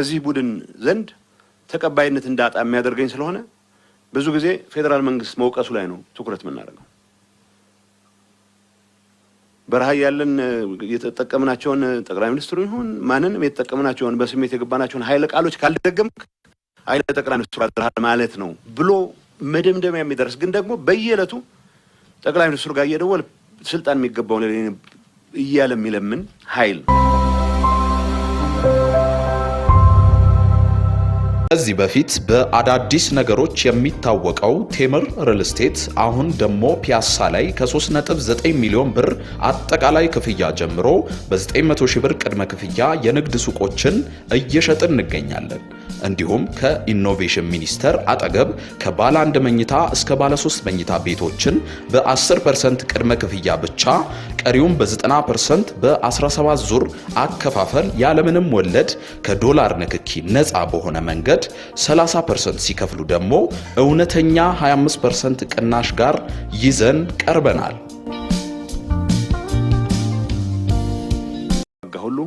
በዚህ ቡድን ዘንድ ተቀባይነት እንዳጣ የሚያደርገኝ ስለሆነ ብዙ ጊዜ ፌዴራል መንግስት መውቀሱ ላይ ነው ትኩረት የምናደርገው። በረሃ ያለን የተጠቀምናቸውን ጠቅላይ ሚኒስትሩ ይሁን ማንንም የተጠቀምናቸውን በስሜት የገባናቸውን ኃይለ ቃሎች ካልደገም ኃይለ ጠቅላይ ሚኒስትሩ አድርሃል ማለት ነው ብሎ መደምደሚያ የሚደርስ ግን ደግሞ በየዕለቱ ጠቅላይ ሚኒስትሩ ጋር እየደወል ስልጣን የሚገባውን እያለ የሚለምን ኃይል ነው። ከዚህ በፊት በአዳዲስ ነገሮች የሚታወቀው ቴምር ሪል ስቴት አሁን ደግሞ ፒያሳ ላይ ከ3.9 ሚሊዮን ብር አጠቃላይ ክፍያ ጀምሮ በ900 ሺህ ብር ቅድመ ክፍያ የንግድ ሱቆችን እየሸጥን እንገኛለን። እንዲሁም ከኢኖቬሽን ሚኒስቴር አጠገብ ከባለ አንድ መኝታ እስከ ባለ 3 መኝታ ቤቶችን በ10% ቅድመ ክፍያ ብቻ ቀሪውም በ90% በ17 ዙር አከፋፈል ያለምንም ወለድ ከዶላር ንክኪ ነፃ በሆነ መንገድ በመውሰድ 30% ሲከፍሉ ደግሞ እውነተኛ 25% ቅናሽ ጋር ይዘን ቀርበናል። ሁሉ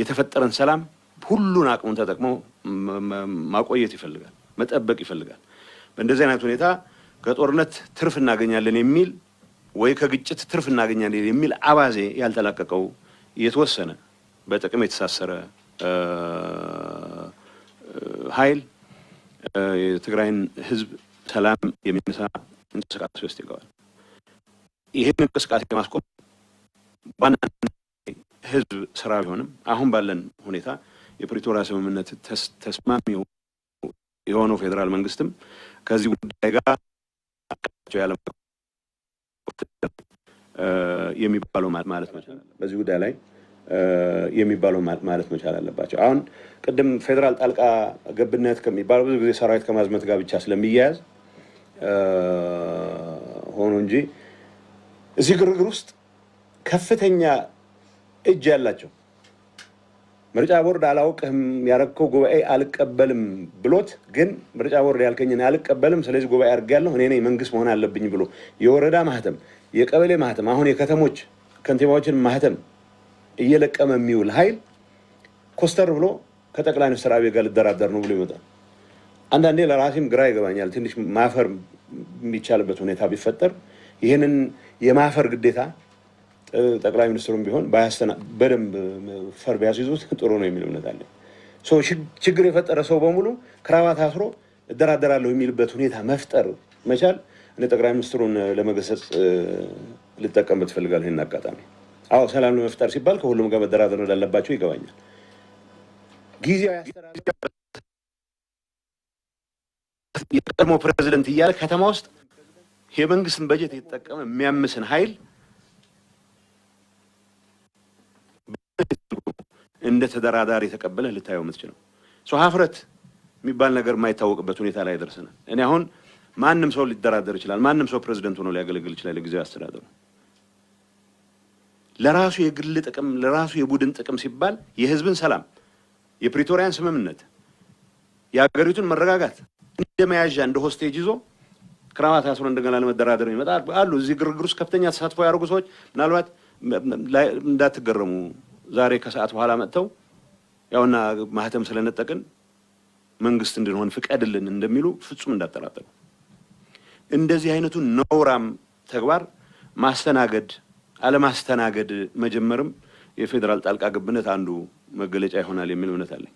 የተፈጠረን ሰላም ሁሉን አቅሙን ተጠቅሞ ማቆየት ይፈልጋል፣ መጠበቅ ይፈልጋል። በእንደዚህ አይነት ሁኔታ ከጦርነት ትርፍ እናገኛለን የሚል ወይ ከግጭት ትርፍ እናገኛለን የሚል አባዜ ያልተላቀቀው የተወሰነ በጥቅም የተሳሰረ ኃይል የትግራይን ህዝብ ሰላም የሚነሳ እንቅስቃሴ ውስጥ ይገባል። ይህን እንቅስቃሴ ለማስቆም በዋናነት ህዝብ ስራ ቢሆንም አሁን ባለን ሁኔታ የፕሪቶሪያ ስምምነት ተስማሚ የሆነው ፌዴራል መንግስትም ከዚህ ጉዳይ ጋር ያለ የሚባለው ማለት ነው። በዚህ ጉዳይ ላይ የሚባለው ማለት መቻል አለባቸው። አሁን ቅድም ፌዴራል ጣልቃ ገብነት ከሚባለው ብዙ ጊዜ ሰራዊት ከማዝመት ጋር ብቻ ስለሚያያዝ ሆኖ እንጂ እዚህ ግርግር ውስጥ ከፍተኛ እጅ ያላቸው ምርጫ ቦርድ አላውቅህም ያረግከው ጉባኤ አልቀበልም ብሎት፣ ግን ምርጫ ቦርድ ያልከኝን አልቀበልም፣ ስለዚህ ጉባኤ አድርጋለሁ እኔ ነኝ መንግስት መሆን አለብኝ ብሎ የወረዳ ማህተም፣ የቀበሌ ማህተም፣ አሁን የከተሞች ከንቲባዎችን ማህተም እየለቀመ የሚውል ኃይል ኮስተር ብሎ ከጠቅላይ ሚኒስትር አብይ ጋር ልደራደር ነው ብሎ ይመጣል። አንዳንዴ ለራሴም ግራ ይገባኛል። ትንሽ ማፈር የሚቻልበት ሁኔታ ቢፈጠር ይህንን የማፈር ግዴታ ጠቅላይ ሚኒስትሩም ቢሆን በደንብ ፈር ቢያስይዙት ጥሩ ነው የሚል እምነት አለ። ችግር የፈጠረ ሰው በሙሉ ክራባት አስሮ እደራደራለሁ የሚልበት ሁኔታ መፍጠር መቻል እኔ ጠቅላይ ሚኒስትሩን ለመገሰጽ ልጠቀምበት እፈልጋለሁ ይህን አጋጣሚ። አዎ ሰላም ለመፍጠር ሲባል ከሁሉም ጋር መደራደር እንዳለባቸው ይገባኛል። ጊዜያዊ የቀድሞ ፕሬዚደንት እያለ ከተማ ውስጥ የመንግስትን በጀት የተጠቀመ የሚያምስን ኃይል እንደ ተደራዳሪ የተቀበለ ልታየው የምትችለው ነው። ሀፍረት የሚባል ነገር የማይታወቅበት ሁኔታ ላይ ደርሰናል። እኔ አሁን ማንም ሰው ሊደራደር ይችላል። ማንም ሰው ፕሬዚደንት ሆኖ ሊያገለግል ይችላል። ጊዜያዊ አስተዳደሩ ለራሱ የግል ጥቅም ለራሱ የቡድን ጥቅም ሲባል የህዝብን ሰላም፣ የፕሪቶሪያን ስምምነት፣ የሀገሪቱን መረጋጋት እንደ መያዣ እንደ ሆስቴጅ ይዞ ክራማት አስሮ እንደገና ለመደራደር ይመጣ አሉ። እዚህ ግርግር ውስጥ ከፍተኛ ተሳትፎ ያደርጉ ሰዎች ምናልባት እንዳትገረሙ፣ ዛሬ ከሰዓት በኋላ መጥተው ያውና ማህተም ስለነጠቅን መንግስት እንድንሆን ፍቀድልን እንደሚሉ ፍጹም እንዳጠራጠሩ እንደዚህ አይነቱን ነውራም ተግባር ማስተናገድ አለማስተናገድ መጀመርም የፌዴራል ጣልቃ ግብነት አንዱ መገለጫ ይሆናል የሚል እምነት አለኝ።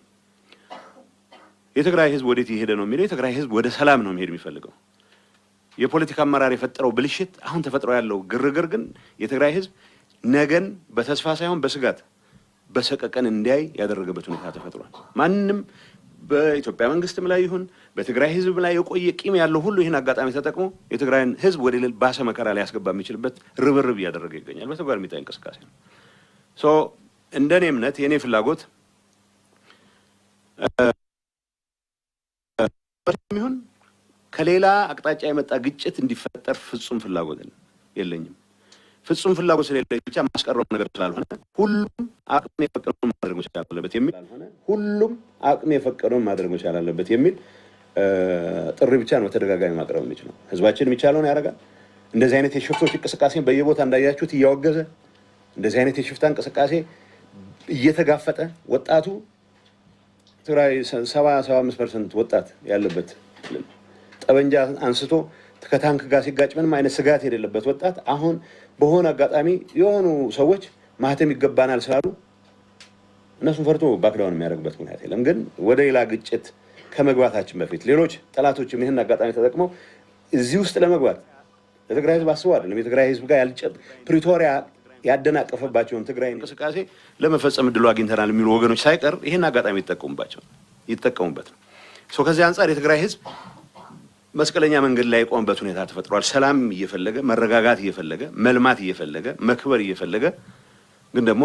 የትግራይ ህዝብ ወዴት እየሄደ ነው የሚለው የትግራይ ህዝብ ወደ ሰላም ነው መሄድ የሚፈልገው። የፖለቲካ አመራር የፈጠረው ብልሽት፣ አሁን ተፈጥሮ ያለው ግርግር ግን የትግራይ ህዝብ ነገን በተስፋ ሳይሆን በስጋት በሰቀቀን እንዲያይ ያደረገበት ሁኔታ ተፈጥሯል። ማንም በኢትዮጵያ መንግስትም ላይ ይሁን በትግራይ ህዝብ ላይ የቆየ ቂም ያለው ሁሉ ይህን አጋጣሚ ተጠቅሞ የትግራይን ህዝብ ወደ ሌል ባሰ መከራ ላይ ያስገባ የሚችልበት ርብርብ እያደረገ ይገኛል። በተግባር የሚታይ እንቅስቃሴ ነው። ሶ እንደ እኔ እምነት የእኔ ፍላጎት የሚሆን ከሌላ አቅጣጫ የመጣ ግጭት እንዲፈጠር ፍጹም ፍላጎት የለኝም። ፍጹም ፍላጎት ስለሌለ ብቻ ማስቀረው ነገር ስላልሆነ ሁሉም አቅም የፈቀደውን ማድረግ መቻል አለበት የሚል ሁሉም አቅም የፈቀደውን ማድረግ መቻል አለበት የሚል ጥሪ ብቻ ነው ተደጋጋሚ ማቅረብ የሚችለው። ህዝባችን የሚቻለውን ያደርጋል። እንደዚህ አይነት የሽፍቶች እንቅስቃሴ በየቦታ እንዳያችሁት እያወገዘ እንደዚህ አይነት የሽፍታ እንቅስቃሴ እየተጋፈጠ ወጣቱ ትግራይ ሰባ ሰባ አምስት ፐርሰንት ወጣት ያለበት ጠበንጃ አንስቶ ከታንክ ጋር ሲጋጭ ምንም አይነት ስጋት የሌለበት ወጣት አሁን በሆነ አጋጣሚ የሆኑ ሰዎች ማህተም ይገባናል ስላሉ እነሱን ፈርቶ ባክዳውን የሚያደርግበት ምክንያት የለም። ግን ወደ ሌላ ግጭት ከመግባታችን በፊት ሌሎች ጠላቶችም ይህን አጋጣሚ ተጠቅመው እዚህ ውስጥ ለመግባት ለትግራይ ህዝብ አስቡ አይደለም የትግራይ ህዝብ ጋር ያልጨጥ ፕሪቶሪያ ያደናቀፈባቸውን ትግራይ እንቅስቃሴ ለመፈጸም እድሉ አግኝተናል የሚሉ ወገኖች ሳይቀር ይህን አጋጣሚ ይጠቀሙባቸው ይጠቀሙበት ነው። ከዚህ አንጻር የትግራይ ህዝብ መስቀለኛ መንገድ ላይ የቆመበት ሁኔታ ተፈጥሯል። ሰላም እየፈለገ መረጋጋት እየፈለገ መልማት እየፈለገ መክበር እየፈለገ ግን ደግሞ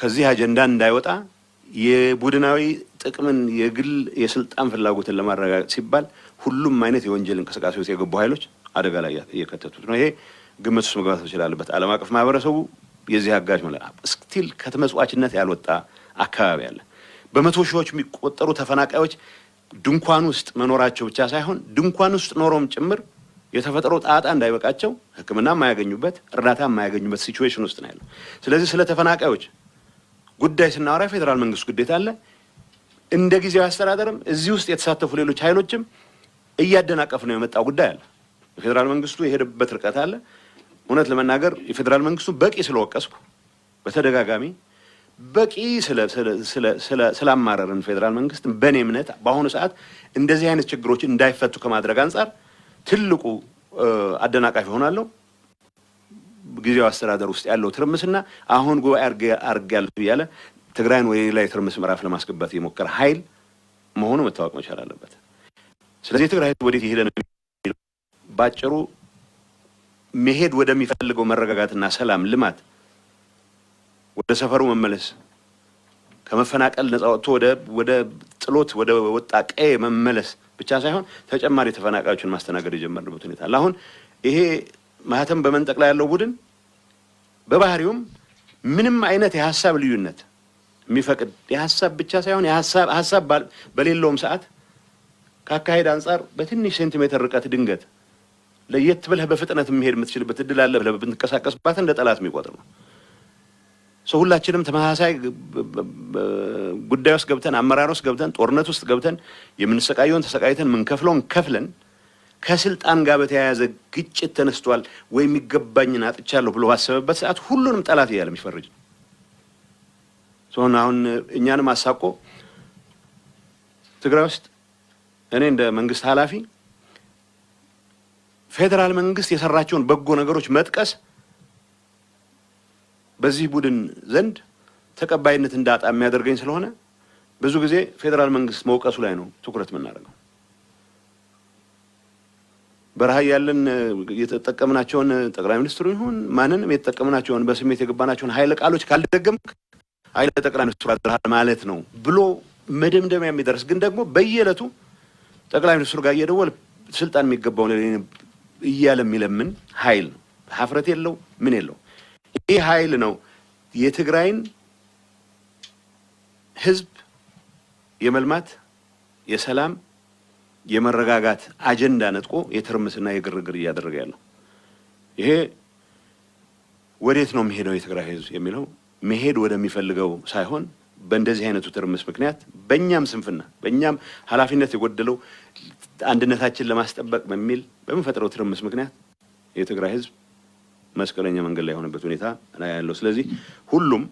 ከዚህ አጀንዳ እንዳይወጣ የቡድናዊ ጥቅምን የግል የስልጣን ፍላጎትን ለማረጋገጥ ሲባል ሁሉም አይነት የወንጀል እንቅስቃሴ ውስጥ የገቡ ኃይሎች አደጋ ላይ እየከተቱት ነው። ይሄ ግምት ውስጥ መግባት ትችላለበት። ዓለም አቀፍ ማህበረሰቡ የዚህ አጋዥ መለ ስቲል ከተመጽዋችነት ያልወጣ አካባቢ አለ። በመቶ ሺዎች የሚቆጠሩ ተፈናቃዮች ድንኳን ውስጥ መኖራቸው ብቻ ሳይሆን ድንኳን ውስጥ ኖሮም ጭምር የተፈጥሮ ጣጣ እንዳይበቃቸው ሕክምና የማያገኙበት እርዳታ የማያገኙበት ሲቹዌሽን ውስጥ ነው ያለው። ስለዚህ ስለ ተፈናቃዮች ጉዳይ ስናወራ የፌዴራል መንግስት ግዴታ አለ። እንደ ጊዜያዊ አስተዳደርም እዚህ ውስጥ የተሳተፉ ሌሎች ኃይሎችም እያደናቀፍ ነው የመጣው ጉዳይ አለ። የፌዴራል መንግስቱ የሄደበት ርቀት አለ። እውነት ለመናገር የፌዴራል መንግስቱ በቂ ስለወቀስኩ በተደጋጋሚ በቂ ስላማረርን ፌዴራል መንግስት በእኔ እምነት በአሁኑ ሰዓት እንደዚህ አይነት ችግሮች እንዳይፈቱ ከማድረግ አንጻር ትልቁ አደናቃፊ ሆናለሁ። ጊዜው አስተዳደር ውስጥ ያለው ትርምስና አሁን ጉባኤ ያለሁ እያለ ትግራይን ወደ ሌላ የትርምስ ምዕራፍ ለማስገባት የሞከረ ኃይል መሆኑ መታወቅ መቻል አለበት። ስለዚህ የትግራይ ህዝብ ወዴት የሄደ ነው? ባጭሩ መሄድ ወደሚፈልገው መረጋጋትና ሰላም፣ ልማት፣ ወደ ሰፈሩ መመለስ፣ ከመፈናቀል ነጻ ወጥቶ ወደ ጥሎት ወደ ወጣ ቀዬ መመለስ ብቻ ሳይሆን ተጨማሪ ተፈናቃዮችን ማስተናገድ የጀመርንበት ሁኔታ አለ። አሁን ይሄ ማህተም በመንጠቅ ላይ ያለው ቡድን በባህሪውም ምንም አይነት የሀሳብ ልዩነት የሚፈቅድ የሀሳብ ብቻ ሳይሆን ሀሳብ በሌለውም ሰዓት ከአካሄድ አንጻር በትንሽ ሴንቲሜትር ርቀት ድንገት ለየት ብለህ በፍጥነት የሚሄድ የምትችልበት እድል አለ ብለህ ብትንቀሳቀስባት እንደ ጠላት የሚቆጥር ነው። ሰው ሁላችንም ተመሳሳይ ጉዳይ ውስጥ ገብተን አመራር ውስጥ ገብተን ጦርነት ውስጥ ገብተን የምንሰቃየውን ተሰቃይተን ምንከፍለውን ከፍለን ከስልጣን ጋር በተያያዘ ግጭት ተነስቷል ወይም የሚገባኝን አጥቻለሁ ብሎ ባሰበበት ሰዓት ሁሉንም ጠላት እያለ የሚፈርጅ ነው። ሆን አሁን እኛንም አሳቆ ትግራይ ውስጥ እኔ እንደ መንግስት ኃላፊ ፌዴራል መንግስት የሰራቸውን በጎ ነገሮች መጥቀስ በዚህ ቡድን ዘንድ ተቀባይነት እንዳጣ የሚያደርገኝ ስለሆነ ብዙ ጊዜ ፌዴራል መንግስት መውቀሱ ላይ ነው ትኩረት የምናደርገው። በረሃ ያለን የተጠቀምናቸውን ጠቅላይ ሚኒስትሩ ይሁን ማንንም የተጠቀምናቸውን በስሜት የገባናቸውን ኃይለ ቃሎች ካልደገምክ ኃይለ ጠቅላይ ሚኒስትሩ አድርሃል ማለት ነው ብሎ መደምደሚያ የሚደርስ ግን ደግሞ በየዕለቱ ጠቅላይ ሚኒስትሩ ጋር እየደወል ስልጣን የሚገባውን እያለ የሚለምን ኃይል ነው። ሀፍረት የለው ምን የለው። ይህ ኃይል ነው የትግራይን ህዝብ የመልማት የሰላም የመረጋጋት አጀንዳ ነጥቆ የትርምስና የግርግር እያደረገ ያለው ይሄ ወዴት ነው የሚሄደው? የትግራይ ህዝብ የሚለው መሄድ ወደሚፈልገው ሳይሆን በእንደዚህ አይነቱ ትርምስ ምክንያት በእኛም ስንፍና በእኛም ኃላፊነት የጎደለው አንድነታችን ለማስጠበቅ በሚል በምንፈጥረው ትርምስ ምክንያት የትግራይ ህዝብ መስቀለኛ መንገድ ላይ የሆነበት ሁኔታ ላይ ያለው። ስለዚህ ሁሉም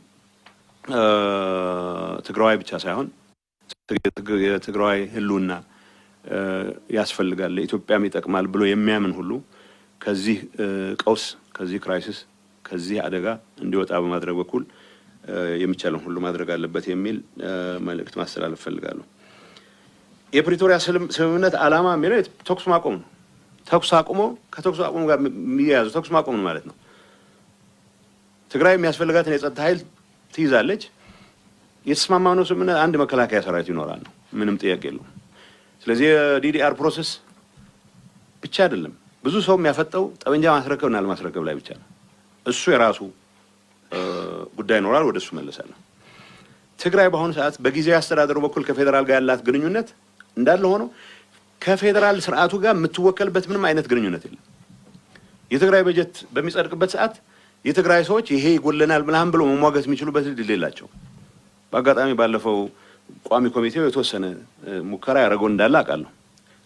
ትግራዋይ ብቻ ሳይሆን የትግራዋይ ህልውና ያስፈልጋል፣ ለኢትዮጵያም ይጠቅማል ብሎ የሚያምን ሁሉ ከዚህ ቀውስ፣ ከዚህ ክራይሲስ፣ ከዚህ አደጋ እንዲወጣ በማድረግ በኩል የሚቻለውን ሁሉ ማድረግ አለበት የሚል መልእክት ማስተላለፍ ፈልጋለሁ። የፕሪቶሪያ ስምምነት ዓላማ የሚለው ተኩስ ማቆም ነው። ተኩስ አቁሞ ከተኩስ አቁሞ ጋር የሚያያዙ ተኩስ ማቆም ነው ማለት ነው። ትግራይ የሚያስፈልጋትን የጸጥታ ኃይል ትይዛለች። የተስማማነው ስምምነት አንድ መከላከያ ሰራዊት ይኖራል ነው። ምንም ጥያቄ የለውም። ስለዚህ የዲዲአር ፕሮሰስ ብቻ አይደለም። ብዙ ሰው የሚያፈጠው ጠመንጃ ማስረከብና ለማስረከብ ላይ ብቻ ነው። እሱ የራሱ ጉዳይ ይኖራል። ወደ እሱ መለሳለሁ። ትግራይ በአሁኑ ሰዓት በጊዜያዊ አስተዳደሩ በኩል ከፌዴራል ጋር ያላት ግንኙነት እንዳለ ሆኖ ከፌዴራል ስርዓቱ ጋር የምትወከልበት ምንም አይነት ግንኙነት የለም። የትግራይ በጀት በሚጸድቅበት ሰዓት የትግራይ ሰዎች ይሄ ይጎለናል ምናምን ብሎ መሟገት የሚችሉበት ድል የላቸው። በአጋጣሚ ባለፈው ቋሚ ኮሚቴው የተወሰነ ሙከራ ያደረገው እንዳለ አውቃለሁ።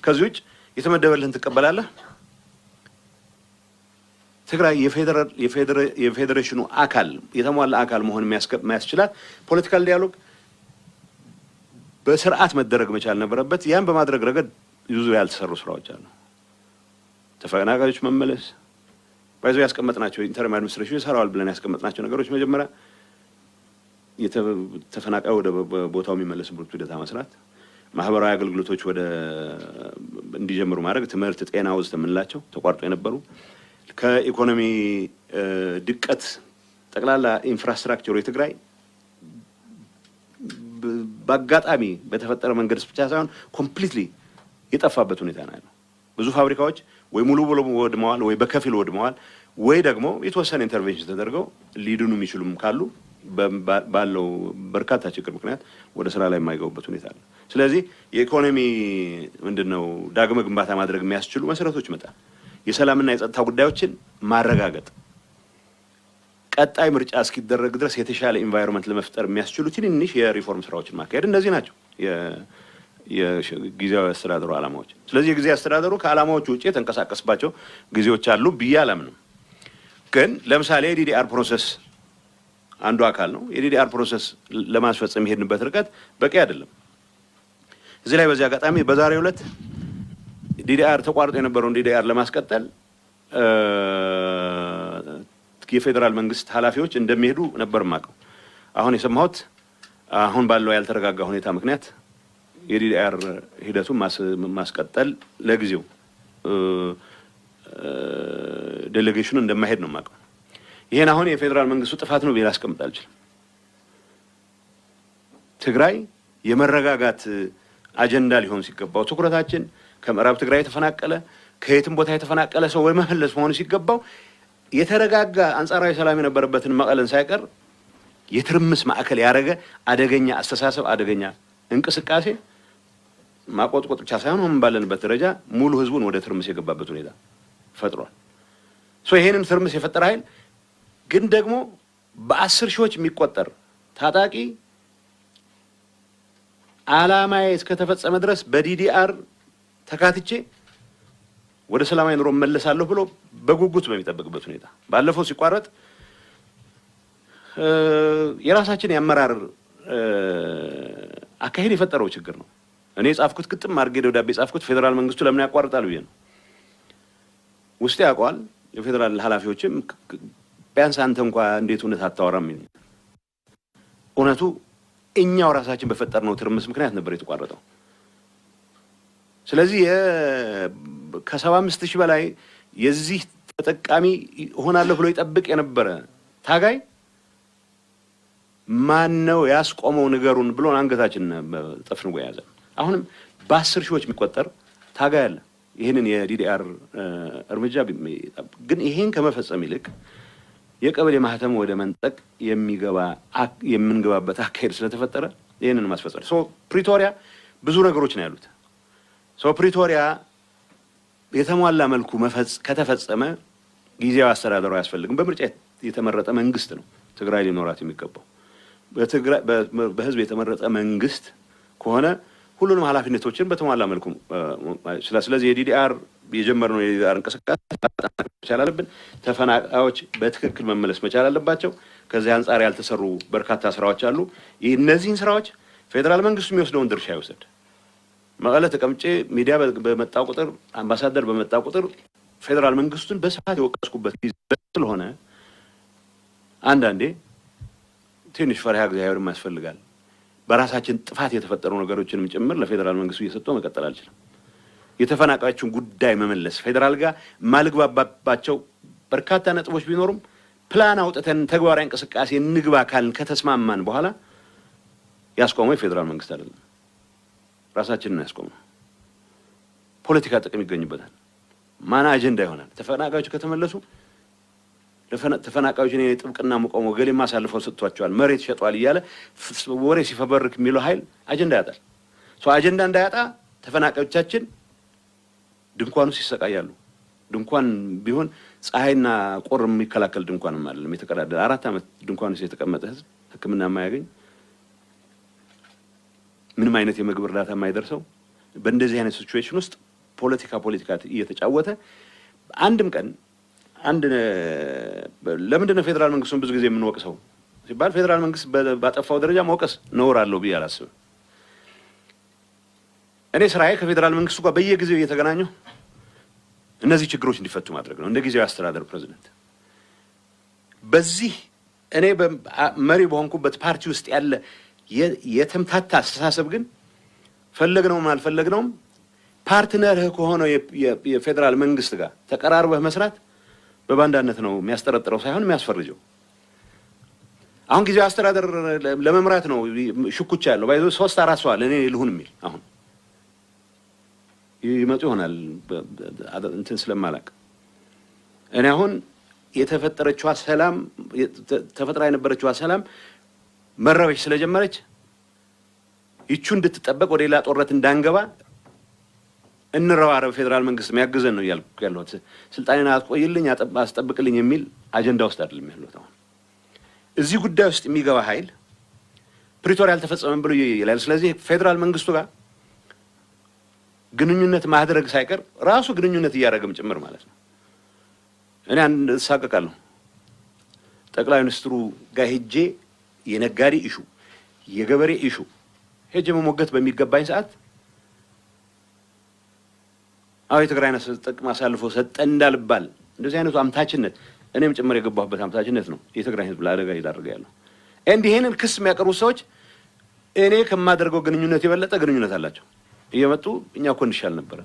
ከዚህ ውጭ የተመደበልህን ትቀበላለህ። ትግራይ የፌዴሬሽኑ አካል የተሟላ አካል መሆን የሚያስችላት ፖለቲካል ዲያሎግ በስርዓት መደረግ መቻል ነበረበት። ያን በማድረግ ረገድ ብዙ ያልተሰሩ ስራዎች አሉ። ተፈናቃዮች መመለስ ባይዞ ያስቀመጥናቸው ኢንተርም አድሚኒስትሬሽን ይሰራዋል ብለን ያስቀመጥናቸው ነገሮች መጀመሪያ ተፈናቃይ ወደ ቦታው የሚመለስበት ሂደታ መስራት፣ ማህበራዊ አገልግሎቶች ወደ እንዲጀምሩ ማድረግ፣ ትምህርት፣ ጤና ውስጥ የምንላቸው ተቋርጦ የነበሩ ከኢኮኖሚ ድቀት ጠቅላላ ኢንፍራስትራክቸሩ የትግራይ በአጋጣሚ በተፈጠረ መንገድ ብቻ ሳይሆን ኮምፕሊትሊ የጠፋበት ሁኔታ ነው ያለው። ብዙ ፋብሪካዎች ወይ ሙሉ ብሎ ወድመዋል፣ ወይ በከፊል ወድመዋል፣ ወይ ደግሞ የተወሰነ ኢንተርቬንሽን ተደርገው ሊድኑ የሚችሉም ካሉ ባለው በርካታ ችግር ምክንያት ወደ ስራ ላይ የማይገቡበት ሁኔታ አለ። ስለዚህ የኢኮኖሚ ምንድን ነው ዳግመ ግንባታ ማድረግ የሚያስችሉ መሰረቶች መጣ የሰላምና የጸጥታ ጉዳዮችን ማረጋገጥ፣ ቀጣይ ምርጫ እስኪደረግ ድረስ የተሻለ ኢንቫይሮንመንት ለመፍጠር የሚያስችሉ ትንንሽ የሪፎርም ስራዎችን ማካሄድ፣ እነዚህ ናቸው የጊዜያዊ አስተዳደሩ ዓላማዎች። ስለዚህ የጊዜ አስተዳደሩ ከዓላማዎቹ ውጭ የተንቀሳቀስባቸው ጊዜዎች አሉ ብዬ አላምንም። ግን ለምሳሌ የዲዲአር ፕሮሰስ አንዱ አካል ነው። የዲዲአር ፕሮሰስ ለማስፈጸም የሄድንበት ርቀት በቂ አይደለም። እዚህ ላይ በዚህ አጋጣሚ በዛሬው ዕለት ዲዲአር ተቋርጦ የነበረውን ዲዲአር ለማስቀጠል የፌዴራል መንግስት ኃላፊዎች እንደሚሄዱ ነበር ማቀው። አሁን የሰማሁት አሁን ባለው ያልተረጋጋ ሁኔታ ምክንያት የዲዲአር ሂደቱን ማስቀጠል ለጊዜው ዴሌጌሽኑ እንደማይሄድ ነው ማቀው። ይህን አሁን የፌዴራል መንግስቱ ጥፋት ነው ብዬ ላስቀምጥ አልችልም። ትግራይ የመረጋጋት አጀንዳ ሊሆን ሲገባው ትኩረታችን ከምዕራብ ትግራይ የተፈናቀለ ከየትም ቦታ የተፈናቀለ ሰው መመለስ መሆኑ ሲገባው የተረጋጋ አንጻራዊ ሰላም የነበረበትን መቀለን ሳይቀር የትርምስ ማዕከል ያደረገ አደገኛ አስተሳሰብ፣ አደገኛ እንቅስቃሴ ማቆጥቆጥ ብቻ ሳይሆን ሆን ባለንበት ደረጃ ሙሉ ህዝቡን ወደ ትርምስ የገባበት ሁኔታ ፈጥሯል። ይህንን ትርምስ የፈጠረ ኃይል ግን ደግሞ በአስር ሺዎች የሚቆጠር ታጣቂ አላማዬ እስከተፈጸመ ድረስ በዲዲአር ተካትቼ ወደ ሰላማዊ ኑሮ መለሳለሁ ብሎ በጉጉት በሚጠብቅበት ሁኔታ ባለፈው ሲቋረጥ የራሳችን የአመራር አካሄድ የፈጠረው ችግር ነው። እኔ የጻፍኩት ግጥም አድርጌ ደብዳቤ የጻፍኩት ፌዴራል መንግስቱ ለምን ያቋርጣል ብዬ ነው። ውስጥ ያውቀዋል። የፌዴራል ኃላፊዎችም ቢያንስ አንተ እንኳ እንዴት እውነት አታወራም? እውነቱ እኛው ራሳችን በፈጠርነው ትርምስ ምክንያት ነበር የተቋረጠው። ስለዚህ ከሰባ አምስት ሺህ በላይ የዚህ ተጠቃሚ እሆናለሁ ብሎ ይጠብቅ የነበረ ታጋይ ማን ነው ያስቆመው? ንገሩን ብሎን አንገታችን ጠፍንጎ የያዘ አሁንም በአስር ሺዎች የሚቆጠር ታጋይ አለ። ይህንን የዲዲአር እርምጃ ግን ይሄን ከመፈጸም ይልቅ የቀበሌ ማህተም ወደ መንጠቅ የምንገባበት አካሄድ ስለተፈጠረ ይህንን ማስፈጸም ፕሪቶሪያ ብዙ ነገሮች ነው ያሉት። ሶ ፕሪቶሪያ የተሟላ መልኩ ከተፈጸመ ጊዜያዊ አስተዳደሩ አያስፈልግም። በምርጫ የተመረጠ መንግስት ነው ትግራይ ሊኖራት የሚገባው። በህዝብ የተመረጠ መንግስት ከሆነ ሁሉንም ኃላፊነቶችን በተሟላ መልኩ ስለዚህ የዲዲአር የጀመርነው የዲዲአር እንቅስቃሴ መቻል አለብን። ተፈናቃዮች በትክክል መመለስ መቻል አለባቸው። ከዚህ አንጻር ያልተሰሩ በርካታ ስራዎች አሉ። እነዚህን ስራዎች ፌዴራል መንግስቱ የሚወስደውን ድርሻ ይውሰድ። መቀለ ተቀምጬ ሚዲያ በመጣ ቁጥር አምባሳደር በመጣ ቁጥር ፌዴራል መንግስቱን በስፋት የወቀስኩበት ጊዜ ስለሆነ አንዳንዴ ትንሽ ፈሪሃ እግዚአብሔርም ያስፈልጋል። በራሳችን ጥፋት የተፈጠሩ ነገሮችንም ጭምር ለፌዴራል መንግስቱ እየሰጠው መቀጠል አልችልም። የተፈናቃዮችን ጉዳይ መመለስ ፌዴራል ጋር ማልግባባባቸው በርካታ ነጥቦች ቢኖሩም ፕላን አውጥተን ተግባራዊ እንቅስቃሴ እንግባ ካልን ከተስማማን በኋላ ያስቆመው የፌዴራል መንግስት አይደለም፣ ነው ያስቆመው። ፖለቲካ ጥቅም ይገኝበታል። ማን አጀንዳ ይሆናል? ተፈናቃዮች ከተመለሱ ተፈናቃዮች እኔ ጥብቅና መቆም ወገሌ ማሳልፈው ሰጥቷቸዋል፣ መሬት ሸጧል እያለ ወሬ ሲፈበርክ የሚለው ኃይል አጀንዳ ያጣል። አጀንዳ እንዳያጣ ተፈናቃዮቻችን ድንኳን ውስጥ ይሰቃያሉ። ድንኳን ቢሆን ፀሐይና ቁር የሚከላከል ድንኳንም አይደለም የተቀዳደረ አራት ዓመት ድንኳን ውስጥ የተቀመጠ ህዝብ ሕክምና የማያገኝ ምንም አይነት የምግብ እርዳታ የማይደርሰው በእንደዚህ አይነት ሲቹዌሽን ውስጥ ፖለቲካ ፖለቲካ እየተጫወተ አንድም ቀን አንድ ለምንድን ነው ፌዴራል መንግስቱን ብዙ ጊዜ የምንወቅሰው ሲባል ፌዴራል መንግስት ባጠፋው ደረጃ መውቀስ ነውር አለው ብዬ አላስብም። እኔ ስራዬ ከፌዴራል መንግስቱ ጋር በየጊዜው እየተገናኘሁ እነዚህ ችግሮች እንዲፈቱ ማድረግ ነው እንደ ጊዜያዊ አስተዳደር ፕሬዚደንት። በዚህ እኔ መሪ በሆንኩበት ፓርቲ ውስጥ ያለ የተምታታ አስተሳሰብ ግን ፈለግነውም አልፈለግነውም ፓርትነርህ ከሆነው የፌዴራል መንግስት ጋር ተቀራርበህ መስራት በባንዳነት ነው የሚያስጠረጥረው ሳይሆን የሚያስፈርጀው። አሁን ጊዜ አስተዳደር ለመምራት ነው ሽኩቻ ያለው ባይዞ ሶስት አራት ሰዋል እኔ ልሁን የሚል አሁን ይመጡ ይሆናል እንትን ስለማላቅ እኔ አሁን የተፈጠረችዋ ሰላም ተፈጥራ የነበረችዋ ሰላም መረበች ስለጀመረች ይቹ እንድትጠበቅ ወደ ሌላ ጦርነት እንዳንገባ እንረባረብ ፌዴራል መንግስት የሚያግዘን ነው እያልኩ ያለሁት ስልጣኔን አቆይልኝ አስጠብቅልኝ የሚል አጀንዳ ውስጥ አይደለም ያለሁት። አሁን እዚህ ጉዳይ ውስጥ የሚገባ ኃይል ፕሪቶሪያ አልተፈጸመም ብሎ ይላል። ስለዚህ ፌዴራል መንግስቱ ጋር ግንኙነት ማድረግ ሳይቀር ራሱ ግንኙነት እያደረገም ጭምር ማለት ነው። እኔ አንድ እሳቀቃለሁ። ጠቅላይ ሚኒስትሩ ጋር ሄጄ የነጋዴ ኢሹ፣ የገበሬ ኢሹ ሄጄ መሞገት በሚገባኝ ሰዓት አሁ የትግራይን ጥቅም አሳልፎ ሰጠ እንዳልባል እንደዚህ አይነቱ አምታችነት እኔም ጭምር የገባሁበት አምታችነት ነው የትግራይ ህዝብ ለአደጋ እየዳረገ ያለው። እንዲህ ይህንን ክስ የሚያቀርቡት ሰዎች እኔ ከማደርገው ግንኙነት የበለጠ ግንኙነት አላቸው። እየመጡ እኛ እኮ እንሻል ነበረ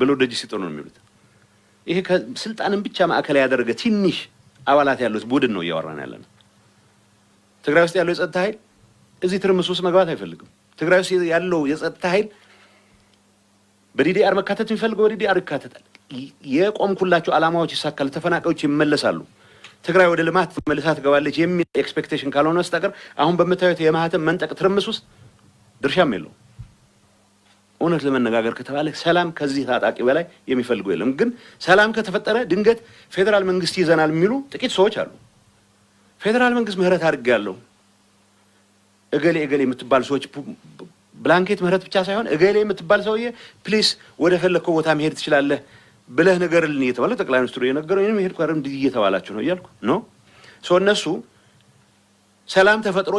ብሎ ደጅ ሲጥሩ ነው የሚሉት። ይሄ ስልጣንን ብቻ ማዕከል ያደረገ ትንሽ አባላት ያሉት ቡድን ነው እያወራን ያለ ነው። ትግራይ ውስጥ ያለው የጸጥታ ኃይል እዚህ ትርምስ ውስጥ መግባት አይፈልግም። ትግራይ ውስጥ ያለው የጸጥታ ኃይል በዲዲአር መካተት የሚፈልገው በዲዲአር ይካተታል። የቆምኩላቸው ዓላማዎች ይሳካል፣ ተፈናቃዮች ይመለሳሉ፣ ትግራይ ወደ ልማት መልሳ ትገባለች የሚል ኤክስፔክቴሽን ካልሆነ በስተቀር አሁን በምታዩት የማህተም መንጠቅ ትርምስ ውስጥ ድርሻም የለው እውነት ለመነጋገር ከተባለ ሰላም ከዚህ ታጣቂ በላይ የሚፈልገው የለም። ግን ሰላም ከተፈጠረ ድንገት ፌዴራል መንግስት ይዘናል የሚሉ ጥቂት ሰዎች አሉ። ፌዴራል መንግስት ምህረት አድርጌያለሁ እገሌ እገሌ የምትባሉ ሰዎች ብላንኬት ምህረት ብቻ ሳይሆን እገሌ የምትባል ሰውዬ ፕሊስ ወደ ፈለግከው ቦታ መሄድ ትችላለህ ብለህ ንገርልን እየተባለ ጠቅላይ ሚኒስትሩ እየነገረው ይህም ሄድ ኳርም እንዲህ እየተባላችሁ ነው እያልኩ ኖ ሰው እነሱ ሰላም ተፈጥሮ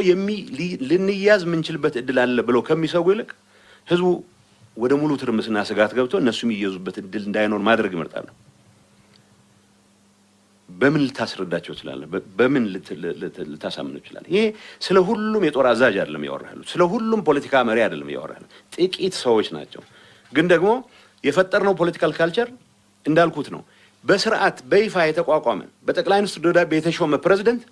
ልንያዝ የምንችልበት እድል አለ ብለው ከሚሰጉ ይልቅ ህዝቡ ወደ ሙሉ ትርምስና ስጋት ገብቶ እነሱም የሚያዙበት እድል እንዳይኖር ማድረግ ይመርጣሉ። በምን ልታስረዳቸው ትችላለህ? በምን ልታሳምነው ትችላለህ? ይሄ ስለ ሁሉም የጦር አዛዥ አይደለም ያወራህ ያለው፣ ስለ ሁሉም ፖለቲካ መሪ አይደለም ያወራ ያለው፣ ጥቂት ሰዎች ናቸው። ግን ደግሞ የፈጠርነው ፖለቲካል ካልቸር እንዳልኩት ነው። በስርዓት በይፋ የተቋቋመ በጠቅላይ ሚኒስትር ደብዳቤ የተሾመ ፕሬዚደንት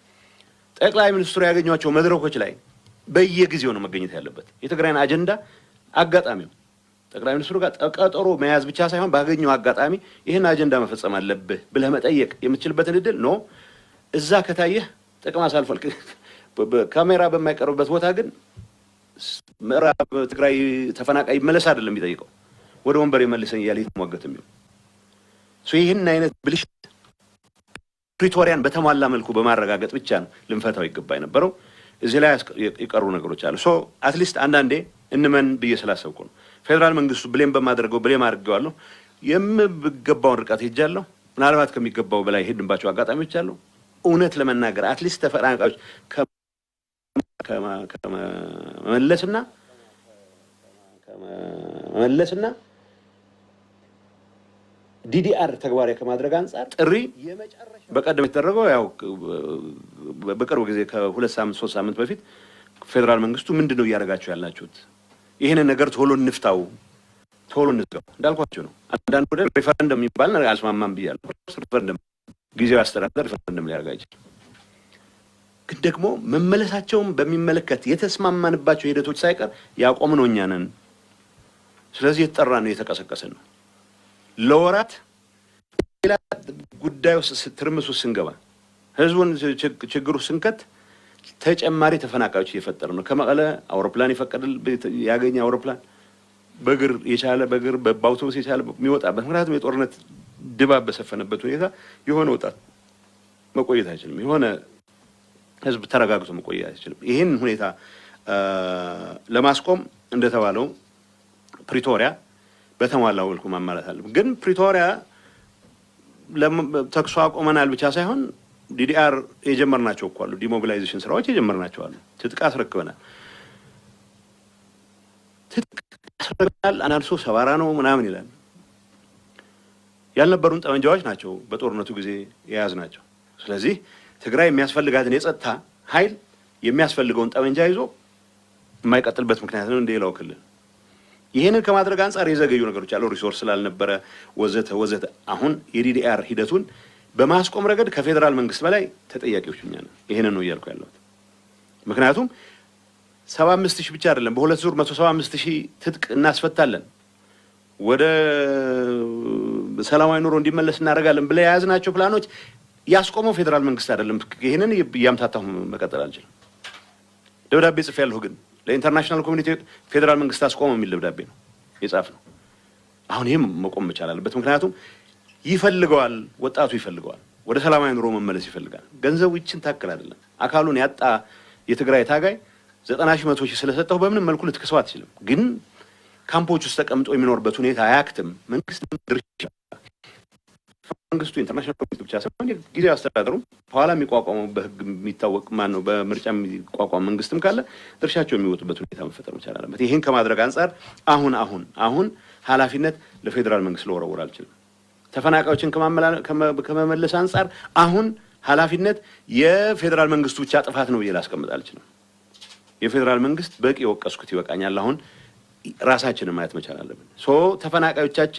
ጠቅላይ ሚኒስትሩ ያገኟቸው መድረኮች ላይ በየጊዜው ነው መገኘት ያለበት። የትግራይን አጀንዳ አጋጣሚው ጠቅላይ ሚኒስትሩ ጋር ቀጠሮ መያዝ ብቻ ሳይሆን ባገኘው አጋጣሚ ይህን አጀንዳ መፈጸም አለብህ ብለህ መጠየቅ የምትችልበትን እድል ኖ እዛ ከታየህ ጥቅም አሳልፏል። ካሜራ በማይቀርብበት ቦታ ግን ምዕራብ ትግራይ ተፈናቃይ መለስ አይደለም የሚጠይቀው ወደ ወንበር የመልሰኝ እያለ የተሟገት የሚሆን ይህን አይነት ብልሽት ፕሪቶሪያን በተሟላ መልኩ በማረጋገጥ ብቻ ነው ልንፈታው ይገባ የነበረው። እዚህ ላይ የቀሩ ነገሮች አሉ። ሶ አትሊስት አንዳንዴ እንመን ብዬ ስላሰብኩ ነው። ፌዴራል መንግስቱ ብሌም በማድረገው ብሌም አድርገዋለሁ። የምገባውን ርቀት ሄጃለሁ። ምናልባት ከሚገባው በላይ ሄድንባቸው አጋጣሚዎች አሉ። እውነት ለመናገር አትሊስት ተፈናቃዮች ከመመለስና መመለስና ዲዲአር ተግባራዊ ከማድረግ አንጻር ጥሪ በቀደም የተደረገው ያው በቅርብ ጊዜ ከሁለት ሳምንት ሶስት ሳምንት በፊት ፌዴራል መንግስቱ ምንድን ነው እያደረጋችሁ ያላችሁት ይህንን ነገር ቶሎ እንፍታው፣ ቶሎ እንዝጋው እንዳልኳቸው ነው። አንዳንድ ወደ ሪፈረንደም የሚባል ነገር አልስማማም ብያለሁ። ሬፈረንደም ጊዜያዊ አስተዳደር ሪፈረንደም ሊያደርግ አይችልም። ግን ደግሞ መመለሳቸውን በሚመለከት የተስማማንባቸው ሂደቶች ሳይቀር ያቆም ነው እኛንን። ስለዚህ የተጠራ ነው የተቀሰቀሰ ነው። ለወራት ሌላ ጉዳይ ውስጥ ትርምስ ስንገባ ህዝቡን ችግሩ ስንከት ተጨማሪ ተፈናቃዮች እየፈጠረ ነው። ከመቀለ አውሮፕላን ይፈቀድል ያገኘ አውሮፕላን በእግር የቻለ በእግር በአውቶቡስ የቻለ የሚወጣበት ምክንያቱም የጦርነት ድባብ በሰፈነበት ሁኔታ የሆነ ወጣት መቆየት አይችልም። የሆነ ህዝብ ተረጋግቶ መቆየት አይችልም። ይህን ሁኔታ ለማስቆም እንደተባለው ፕሪቶሪያ በተሟላ መልኩ ማማለት አለ። ግን ፕሪቶሪያ ተኩስ አቆመናል ብቻ ሳይሆን ዲዲአር የጀመርናቸው እኮ አሉ። ዲሞቢላይዜሽን ስራዎች የጀመርናቸው አሉ። ትጥቅ አስረክበናል። ትጥቅ አስረክበናል። ሰባራ ነው ምናምን ይላል። ያልነበሩን ጠመንጃዎች ናቸው በጦርነቱ ጊዜ የያዝ ናቸው። ስለዚህ ትግራይ የሚያስፈልጋትን የጸጥታ ኃይል የሚያስፈልገውን ጠመንጃ ይዞ የማይቀጥልበት ምክንያት ነው እንደ ሌላው ክልል። ይህንን ከማድረግ አንጻር የዘገዩ ነገሮች አሉ፣ ሪሶርስ ስላልነበረ ወዘተ ወዘተ። አሁን የዲዲአር ሂደቱን በማስቆም ረገድ ከፌዴራል መንግስት በላይ ተጠያቂዎች እኛ ነን። ይሄንን ነው እያልኩ ያለሁት። ምክንያቱም ሰባ አምስት ሺህ ብቻ አይደለም በሁለት ዙር መቶ ሰባ አምስት ሺህ ትጥቅ እናስፈታለን ወደ ሰላማዊ ኑሮ እንዲመለስ እናደርጋለን ብለ የያዝናቸው ፕላኖች ያስቆመው ፌዴራል መንግስት አይደለም። ይህንን እያምታታሁ መቀጠል አልችልም። ደብዳቤ ጽፍ ያለሁ ግን ለኢንተርናሽናል ኮሚኒቲ ፌዴራል መንግስት አስቆመው የሚል ደብዳቤ ነው የጻፍ ነው። አሁን ይህም መቆም መቻል አለበት። ምክንያቱም ይፈልገዋል፣ ወጣቱ ይፈልገዋል። ወደ ሰላማዊ ኑሮ መመለስ ይፈልጋል። ገንዘቡ ይችን ታክል አይደለም። አካሉን ያጣ የትግራይ ታጋይ ዘጠና ሺህ መቶ ሺህ ስለሰጠሁ በምንም መልኩ ልትክሰው አትችልም። ግን ካምፖች ውስጥ ተቀምጦ የሚኖርበት ሁኔታ አያክትም። መንግስት ድርሻ መንግስቱ ኢንተርናሽናል ብቻ ሳይሆን ጊዜያዊ አስተዳደሩ በኋላ የሚቋቋመው በህግ የሚታወቅ ማን ነው በምርጫ የሚቋቋም መንግስትም ካለ ድርሻቸው የሚወጡበት ሁኔታ መፈጠር መቻል አለበት። ይህን ከማድረግ አንጻር አሁን አሁን አሁን ኃላፊነት ለፌዴራል መንግስት ልወረውር አልችልም። ተፈናቃዮችን ከመመለስ አንጻር አሁን ኃላፊነት የፌዴራል መንግስቱ ብቻ ጥፋት ነው ብዬ ላስቀምጥ አልችልም። የፌዴራል መንግስት በቂ የወቀስኩት ይበቃኛል። አሁን ራሳችንን ማየት መቻል አለብን። ሶ ተፈናቃዮቻችን